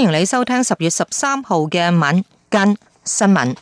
歡迎你收聽十月十三號嘅晚間新聞。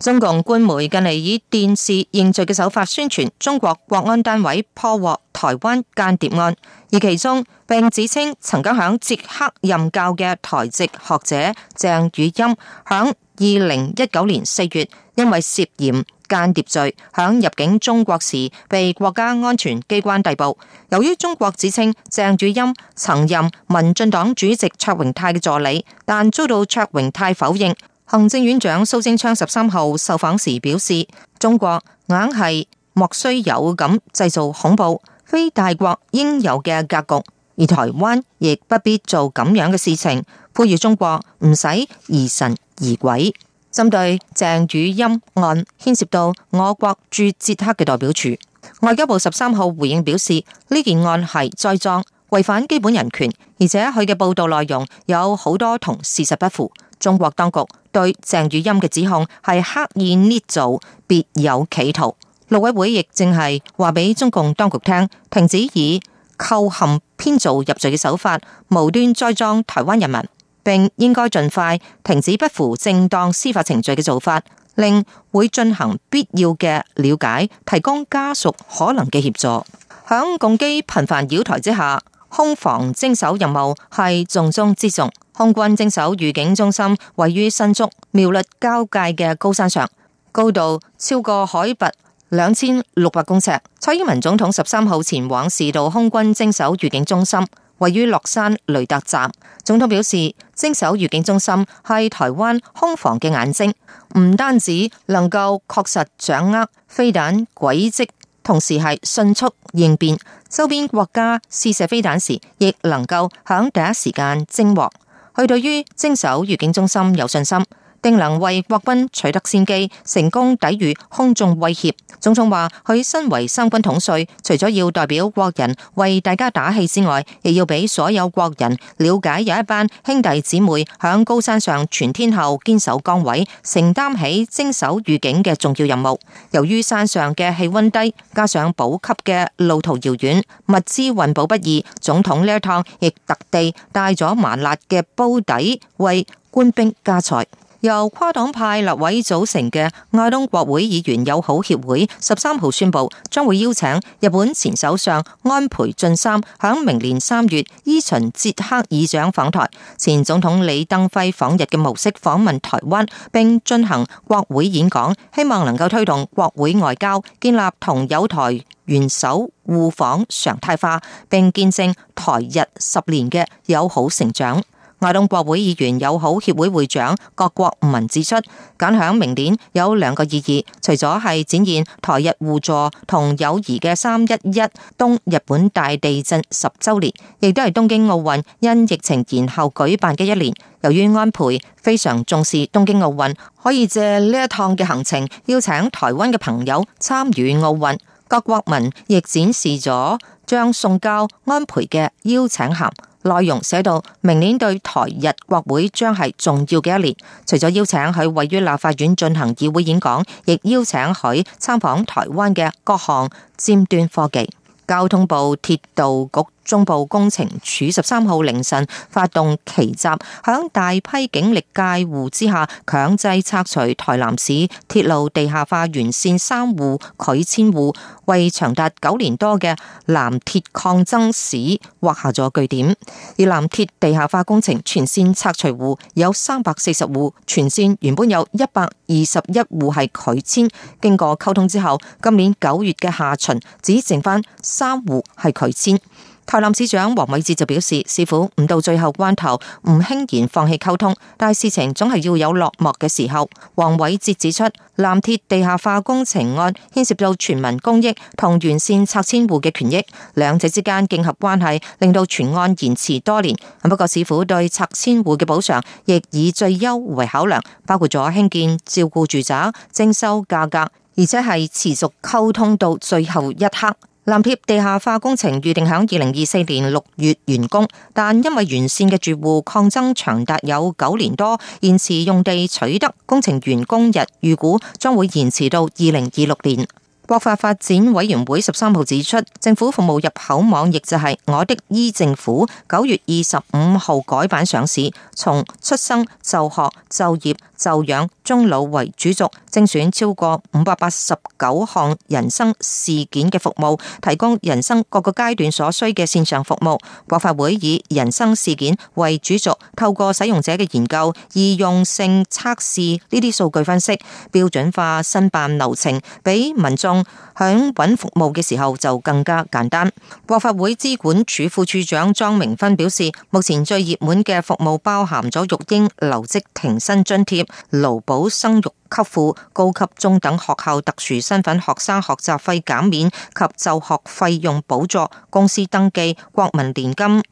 中共官媒近嚟以電視認罪嘅手法宣傳中國國安單位破獲台灣間諜案，而其中並指稱曾經響捷克任教嘅台籍學者鄭宇欽響二零一九年四月因為涉嫌間諜罪響入境中國時被國家安全機關逮捕。由於中國指稱鄭主音曾任民進黨主席卓榮泰嘅助理，但遭到卓榮泰否認。行政院長蘇貞昌十三號受訪時表示，中國硬係莫須有咁製造恐怖，非大國應有嘅格局，而台灣亦不必做咁樣嘅事情，呼籲中國唔使疑神疑鬼。針對鄭宇欽案牽涉到我國駐捷克嘅代表處，外交部十三號回應表示，呢件案係栽贓、違反基本人權，而且佢嘅報道內容有好多同事實不符。中國當局對鄭宇欽嘅指控係刻意捏造、別有企圖。陸委會亦正係話俾中共當局聽，停止以構陷、編造入罪嘅手法，無端栽贓台灣人民。並應該盡快停止不符正當司法程序嘅做法，令會進行必要嘅了解，提供家屬可能嘅協助。響共機頻繁擾台之下，空防征守任務係重中之重。空軍征守預警中心位於新竹苗栗交界嘅高山上，高度超過海拔兩千六百公尺。蔡英文總統十三號前往視導空軍征守預警中心。位於樂山雷達站，總統表示，精守預警中心係台灣空防嘅眼睛，唔單止能夠確實掌握飛彈軌跡，同時係迅速應變，周邊國家試射飛彈時，亦能夠響第一時間偵獲。佢對於精守預警中心有信心。定能為國軍取得先機，成功抵禦空中威脅。總統話，佢身為三軍統帥，除咗要代表國人為大家打氣之外，亦要俾所有國人了解有一班兄弟姊妹響高山上全天候堅守崗位，承擔起征守預警嘅重要任務。由於山上嘅氣溫低，加上補給嘅路途遙遠，物資運補不易。總統呢一趟亦特地帶咗麻辣嘅煲底，為官兵加菜。由跨黨派立委組成嘅愛東國會議員友好協會十三號宣布，將會邀請日本前首相安倍晉三響明年三月依循捷克議長訪台、前總統李登輝訪日嘅模式訪問台灣，並進行國會演講，希望能夠推動國會外交，建立同友台元首互訪常態化，並見證台日十年嘅友好成長。外東國會議員友好協會會長郭國文指出，咁喺明年有兩個意義，除咗係展現台日互助同友誼嘅三一一東日本大地震十周年，亦都係東京奧運因疫情延後舉辦嘅一年。由於安倍非常重視東京奧運，可以借呢一趟嘅行程邀請台灣嘅朋友參與奧運。郭國文亦展示咗將送交安倍嘅邀請函。內容寫到，明年對台日國會將係重要嘅一年，除咗邀請佢位於立法院進行議會演講，亦邀請佢參訪台灣嘅各項尖端科技。交通部鐵道局中部工程處十三號凌晨發動奇襲，響大批警力戒護之下，強制拆除台南市鐵路地下化沿線三戶拒遷戶，為長達九年多嘅南鐵抗爭史劃下咗句點。而南鐵地下化工程全線拆除戶有三百四十戶，全線原本有一百二十一戶係拒遷，經過溝通之後，今年九月嘅下旬只剩翻三戶係拒遷。台南市長黃偉哲就表示，市府唔到最後關頭唔輕言放棄溝通，但事情總係要有落幕嘅時候。黃偉哲指出，南鐵地下化工程案牽涉到全民公益同沿線拆遷戶嘅權益，兩者之間競合關係令到全案延遲多年。不過市府對拆遷戶嘅補償亦以最優為考量，包括咗興建照顧住宅、徵收價格，而且係持續溝通到最後一刻。南鐵地下化工程預定喺二零二四年六月完工，但因為完善嘅住戶抗爭長達有九年多，延遲用地取得，工程完工日預估將會延遲到二零二六年。國發發展委員會十三號指出，政府服務入口網亦就係、是、我的 e 政府，九月二十五號改版上市，從出生、就學、就業。就養、終老為主軸，精選超過五百八十九項人生事件嘅服務，提供人生各個階段所需嘅線上服務。國發會以人生事件為主軸，透過使用者嘅研究、易用性測試呢啲數據分析，標準化申辦流程，俾民眾喺揾服務嘅時候就更加簡單。國發會資管處副處長莊明芬表示，目前最熱門嘅服務包含咗育嬰、留職停薪津貼。勞保生育給付、高級中等學校特殊身份學生學雜費減免及就學費用補助、公司登記、國民年金、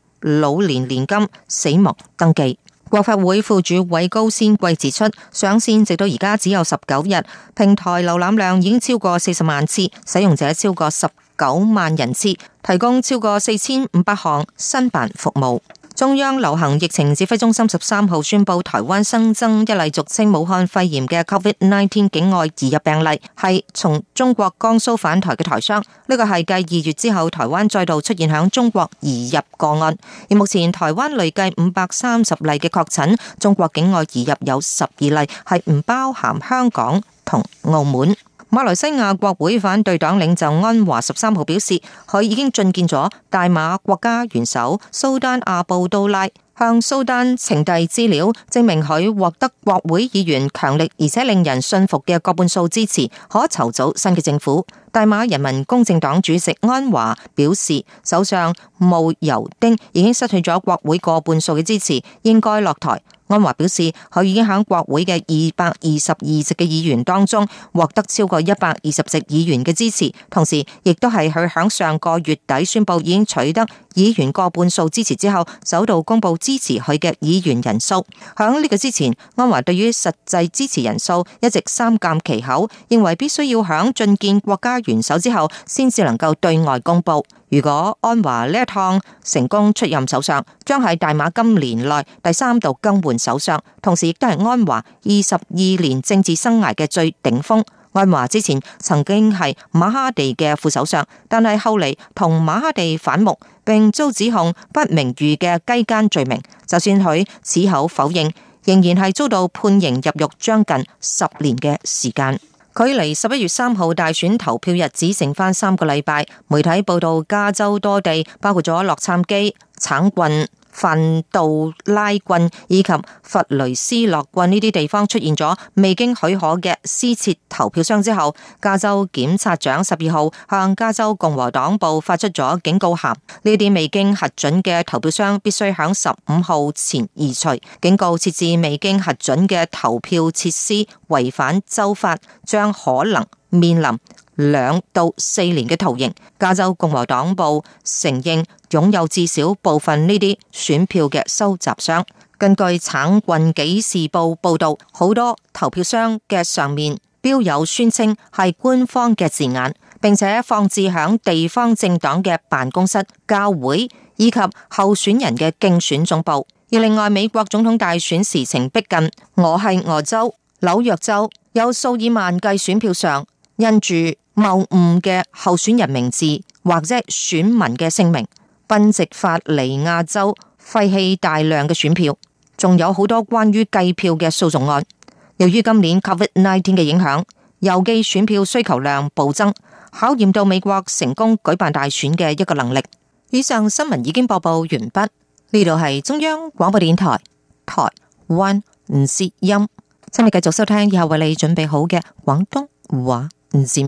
老年年金、死亡登記。國發會副主委高仙桂指出，上線直到而家只有十九日，平台瀏覽量已經超過四十萬次，使用者超過十九萬人次，提供超過四千五百項新辦服務。中央流行疫情指揮中心十三號宣布，台灣新增一例俗稱武漢肺炎嘅 COVID-19 境外移入病例，係從中國江蘇返台嘅台商。呢個係繼二月之後，台灣再度出現響中國移入個案。而目前台灣累計五百三十例嘅確診，中國境外移入有十二例，係唔包含香港同澳門。馬來西亞國會反對黨領袖安華十三號表示，佢已經覲見咗大馬國家元首蘇丹阿布都拉，向蘇丹呈遞資料，證明佢獲得國會議員強力而且令人信服嘅過半數支持，可籌組新嘅政府。大馬人民公正黨主席安華表示，首相慕尤丁已經失去咗國會過半數嘅支持，應該落台。安華表示，佢已經喺國會嘅二百二十二席嘅議員當中獲得超過一百二十席議員嘅支持，同時亦都係佢喺上個月底宣布已經取得議員過半數支持之後，首度公布支持佢嘅議員人數。喺呢個之前，安華對於實際支持人數一直三緘其口，認為必須要響覲見國家元首之後，先至能夠對外公布。如果安華呢一趟成功出任首相，將喺大馬今年內第三度更換首相，同時亦都係安華二十二年政治生涯嘅最頂峰。安華之前曾經係馬哈地嘅副首相，但係後嚟同馬哈地反目，並遭指控不名譽嘅雞姦罪名，就算佢矢口否認，仍然係遭到判刑入獄將近，近十年嘅時間。距離十一月三號大選投票日只剩返三個禮拜，媒體報道加州多地包括咗洛杉磯、橙郡、范道拉郡以及弗雷斯諾郡呢啲地方出現咗未經許可嘅私設投票箱之後，加州檢察長十二號向加州共和黨部發出咗警告函。呢啲未經核准嘅投票箱必須喺十五號前移除。警告設置未經核准嘅投票設施違反州法，將可能面臨。兩到四年嘅徒刑。加州共和黨部承認擁有至少部分呢啲選票嘅收集商。根據《橙郡紀事報》報道，好多投票箱嘅上面標有宣稱係官方嘅字眼，並且放置響地方政黨嘅辦公室、教會以及候選人嘅競選總部。而另外，美國總統大選時程逼近，我喺俄亥俄州、紐約州有數以萬計選票上印住，謬誤嘅候選人名字或者選民嘅聲明，賓夕法尼亞州廢棄大量嘅選票，仲有好多關於計票嘅訴訟案。由於今年 Covid nineteen 嘅影響，郵寄選票需求量暴增，考驗到美國成功舉辦大選嘅一個能力。以上新聞已經播報完畢，呢度係中央廣播電台台灣之音，今日繼續收聽以後為你準備好嘅廣東話唔攝。